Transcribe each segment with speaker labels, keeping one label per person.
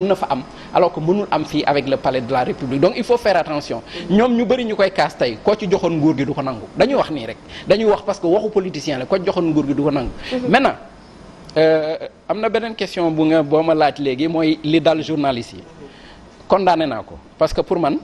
Speaker 1: mun na fa am alors que mënul am fii avec le palais de la république donc il faut faire attention ñoom ñu bëri ñu koy kaas tey koo ci joxoon nguur gi du ko nangu dañuy wax nii rek dañuy wax parce que waxu politicien la koo ci joxoon nguur gi du ko nangu mhm. maintenant euh, am na beneen question bu nga boo ma laaj léegi mooy li dal journaliste yi kondaane naa ko parce que pour man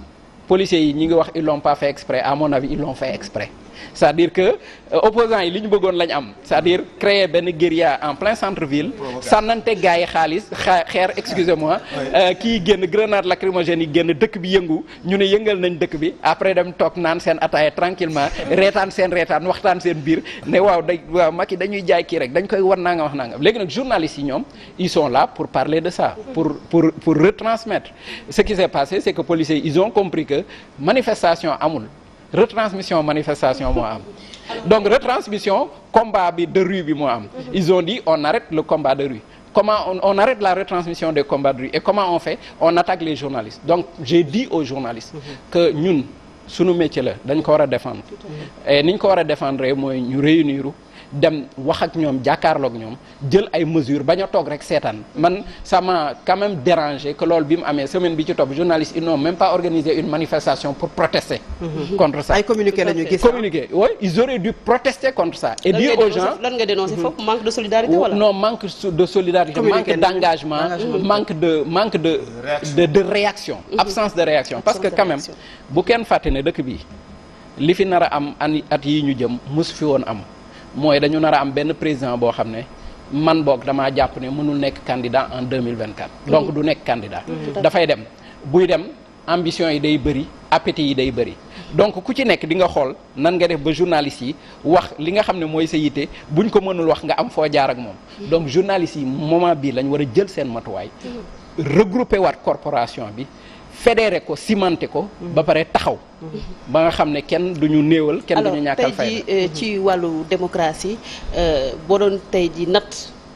Speaker 1: policiers yi ñi ngi wax ils l'ont pas fait exprès à mon avis ils fait exprès c'est-à-dire que euh, opposants yi li ñu bëggoon lañu am c'est-à-dire créer benn guérilla en plein centre ville sànnante gars yi xaalis xeer excusez-moi euh, kii génn grenade lacrymogène yi génn dëkk bi yëngu ñu ne yëngal nañ dëkk bi après dem toog naan seen ataaya tranquillement reetaan seen reetaan waxtaan seen biir ne waaw day waaw Macky dañuy jaay kii rek dañ koy war naa nga wax naa nga léegi nag journalistes yi ñoom ils sont la pour parler de ça pour pour pour retransmettre ce qui que policiers ils ont compris que manifestation amul retransmission manifestation moo am donc retransmission combat bi de bi moo am mhm. ils ont dit on arrête le combat de comment on, on arrête la retransmission des combats de rue et comment on fait on attaque les journalistes donc j'ai dit aux journalistes mhm. que ñun sunu métier la dañ ko war a défendre et ni ko war a défendre mooy ñu réunir dem wax ak ñoom jàkkaarloog ñoom jël ay mesures bañ a toog rek seetaan man sama m'a quand même dérangé que loolu bi mu amee semaine bi ci topp journalistes ils n'ont même pas organisé une manifestation pour protester. Mmh. contre ça ay communiqué la ñu gis. communiqué oui ils auraient dû protester contre ça. et dire aux gens mhm. manque de solidarité wala. de solidarité manque d'engagement ah, manque de manque de réaction. Mhm. absence de réaction parce que quand bu kenn fàtte ne dëkk bi li fi nar a am at yi ñu jëm mosu fi woon am. mooy dañu nar a am benn président boo xam ne man boog damaa jàpp ne mënul nekk candidat en deux mille vingt 2024 donc du nekk candidat dafay dem buy dem ambition yi day bëri appétit yi day bëri donc ku ci nekk di nga xool nan nga def ba journaliste yi wax li nga xam ne mooy sa yitte buñ ko mënul wax nga am foo jaar ak moom donc journaliste yi moment bii lañ war a jël seen matuwaay regrouper waat corporation bi fédéré ko cimenté ko. ba pare taxaw. ba nga xam ne kenn du duñu néewal. kenn duñu ñàkkal fayda alors tey ji ci wàllu démocratie euh, boo doon tey ji natt.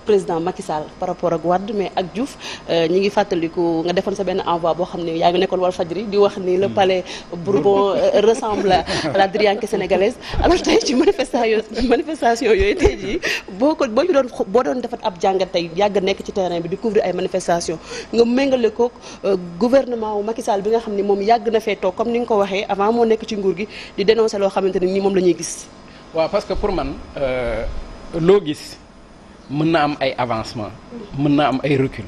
Speaker 1: président Macky Sall par rapport ak Wade mais ak Diouf euh, ñi ngi fàttaliku nga defoon sa benn envoi boo xam ne yaa ngi nekkoon Walfadjri di wax ni le hmm. palais euh, Bourbon ressemble à la Diriyanke sénégalaise alors tey ci manifestation manifestation yooyu tey jii boo ko boo ñu doon boo doon defat ab jàngat tey yàgg nekk ci terrain bi di couvrir ay manifestation nga méngale ko euh, gouvernement wu Macky Sall bi nga xam ne moom yàgg na fee toog comme ni nga ko waxee avant moo nekk ci nguur gi di dénoncer loo xamante ne ni moom la ñuy gis waaw parce que pour man loo gis mën na am ay avancement mën na am ay recul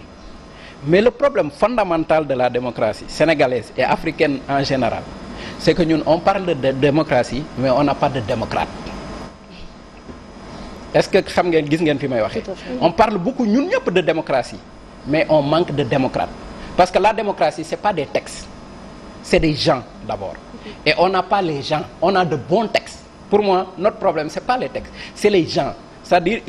Speaker 1: mais le problème fondamental de la démocratie sénégalaise et africaine en général c'est que ñun on parle de démocratie mais on n'a pas de démocrate est-ce que xam ngeen gis ngeen fi may waxee on parle beaucoup ñun ñëpp de démocratie mais on manque de démocrate parce que la démocratie c'est pas des textes c'est des gens d'abord et on n'a pas les gens on a de bon textes pour moi notre problème c'est pas les les gens c'est-à-dire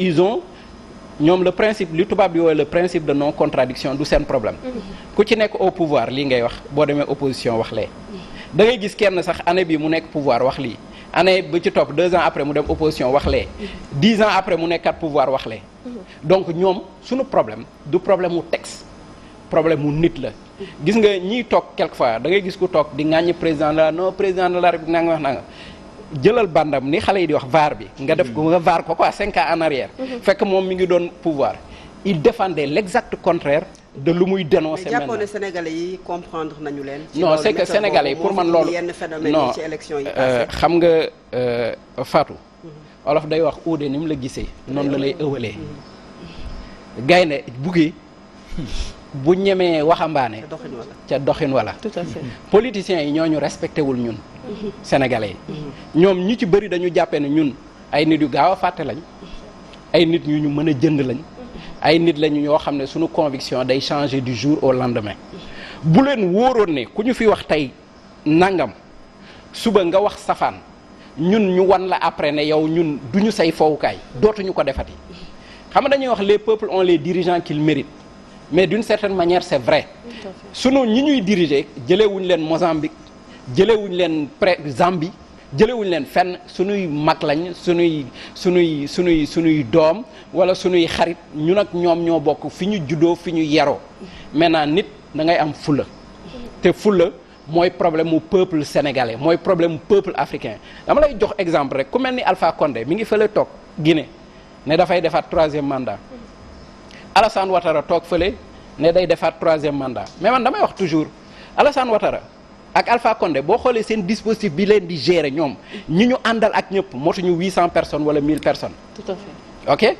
Speaker 1: ñoom la principe li tubaab bi woowee le principe de non contradiction du seen problème mhm. ku ci nekk au pouvoir lii ngay wax boo demee opposition wax lee mhm. da ngay gis kenn sax année bi mu nekk pouvoir wax lii année ba ci topp deux ans après mu dem opposition wax lee mhm. dix ans après mu nekkaat pouvoir wax lee donc ñoom suñu problème du problème mu texte problème mu nit la gis nga ñiy toog quelquefois fois dangay gis ku toog di ŋàññi président de la non président la r na nga wax na nga jëlal bandam ni xale yi di wax vaar bi nga def ko nga vaar ko ko cinq ans en arrière mhm. fekk moom mu ngi doon pouvoir il défendait l'exact contraire de lu muy dénoncer maintenant mais jàppoon yi comprendre nañu leen. non c'est que sénégalais yi pour man loolu yenn phénomène yi ci élection yi euh, xam nga euh, Fatou. Mhm. olof day wax uude ni mu la gisee. noonu la lay mhm. ëwalee. gaynde buggee. bu ñemee waxambaane ca doxin wala politiciens yi ñooñu respecté wul ñun sénégalais yi ñoom ñu ci bëri dañu jàppee ne ñun ay nit yu gaaw a fàtte lañ ay nit yu ñu mën a jënd lañ ay nit lañu ñoo xam ne suñu conviction day changer du jour au lendemain bu leen wóoroon ne ku ñu fi wax tey nangam suba nga wax safaan ñun ñu wan la après ne yow ñun du ñu say fowukaay dootuñu ko defati xam nga dañuy wax les peuples ont les dirigeants qu'ils mais d'une certaine manière c'est vrai sunu ñi ñuy diriger jëlewuñ leen Mozambique jëlewuñ leen pré Zambie jëlewuñ leen fenn sunuy mag lañ sunuy sunuy sunuy sunuy doom wala sunuy xarit ñu nag ñoom ñoo bokk fi ñu juddoo fi ñu yaroo maintenant nit da ngay am fulla te fulla mooy problème mu peuple sénégalais mooy problème mu peuple africain dama lay jox exemple rek ku mel ni Alpha Condé mi ngi fële toog Guinée ne dafay defaat troisième mandat Alassane Ouattara toog fële ne day defaat troisième mandat mais man damay wax toujours Alassane Ouattara ak Alpha Condé boo xoolee seen dispositif bi leen di gérer ñoom ñi ñu àndal ak ñëpp motuñu 800 personnes wala 1000 personnes. tout à fait ok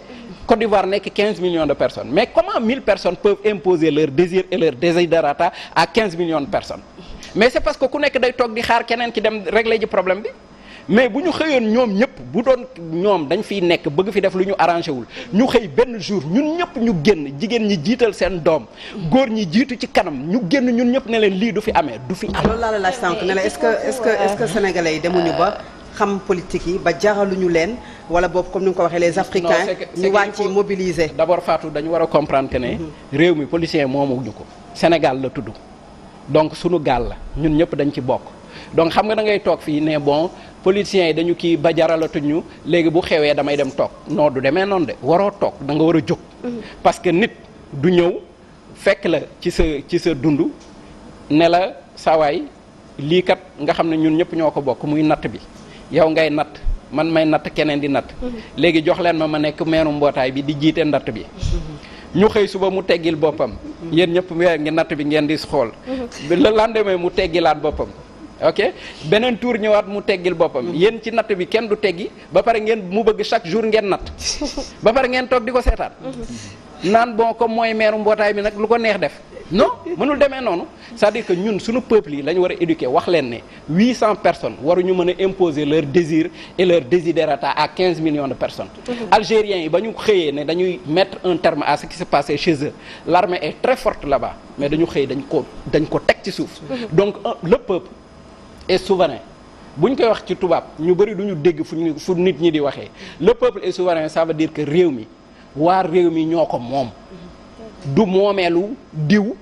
Speaker 1: Côte d'Ivoire nekk 15 millions de personnes mais comment 1000 personnes peuvent imposer leur désir et leur desiderata à 15 millions de personnes mais c'est parce que ku nekk day toog di xaar keneen ki dem régler ji problème bi. mais bu ñu xëyoon ñoom ñëpp bu doon ñoom dañ fiy nekk bëgg fi def lu ñu arrangé wul ñu xëy benn jour ñun ñëpp ñu génn jigéen ñi jiital seen doom góor ñi jiitu ci kanam ñu génn ñun ñëpp ne leen lii du fi amee du fi am. loolu laa la laaj sànq ne la ce que est-ce que est-ce que sénégalais yi demuñu politique yi ba jaraluñu leen wala boobu comme ni nga ko waxee les africains ñu wàcc mobiliser d'abord Fatou dañu war a comprendre que ne mhm. réew mi politicien moomuñu ko Sénégal la tudd donc sunu gaal la ñun ñëpp dañ ci bokk donc xam nga da toog fii ne bon politiciens yi dañu kii ba jaralatuñu léegi bu xewee damay dem toog noo du demee noonu de waroo toog da nga war a jóg. Mm-hmm. parce que nit du ñëw fekk la ci sa ci sa dund ne la sawaay lii kat nga xam ne ñun ñëpp ñoo ko bokk muy natt bi yow ngay natt man may natt keneen di natt. Mm-hmm. léegi jox leen ma ma nekk meeru mbootaay bi di jiite natt bi. Mm-hmm. ñu xëy suba mu teggil boppam. yéen ñëpp weer ngi natt bi ngeen di xool. le lendemain mu teggilaat boppam. ok beneen tour ñëwaat mu teggil boppam mm-hmm. yéen ci natt bi kenn du teggi ba pare ngeen mu bëgg chaque jour ngeen natt ba pare ngeen toog di ko seetaan mm-hmm. naan bon comme mooy meeru mbootaay bi nag lu ko neex def non mënul demee noonu c'est-à-dire que ñun suñu peuple yi lañu ñu war a éduquer wax leen ne 800 personnes waruñu mën a imposer leur désir et leur désiderata à 15 millions de personnes. Mm-hmm. algériens yi ba ñu xëyee ne dañuy mettre un terme à ce qui se très forte là-bas mais dañu xëy dañ ko dañ ko teg ci suuf. donc euh, le est souverain buñ koy wax ci tubaab ñu bëri duñu dégg fu ñu fu nit ñi di waxee le peuple est souverain ça veut dire que réew mi waar réew mi ñoo ko moom du moomeelu diw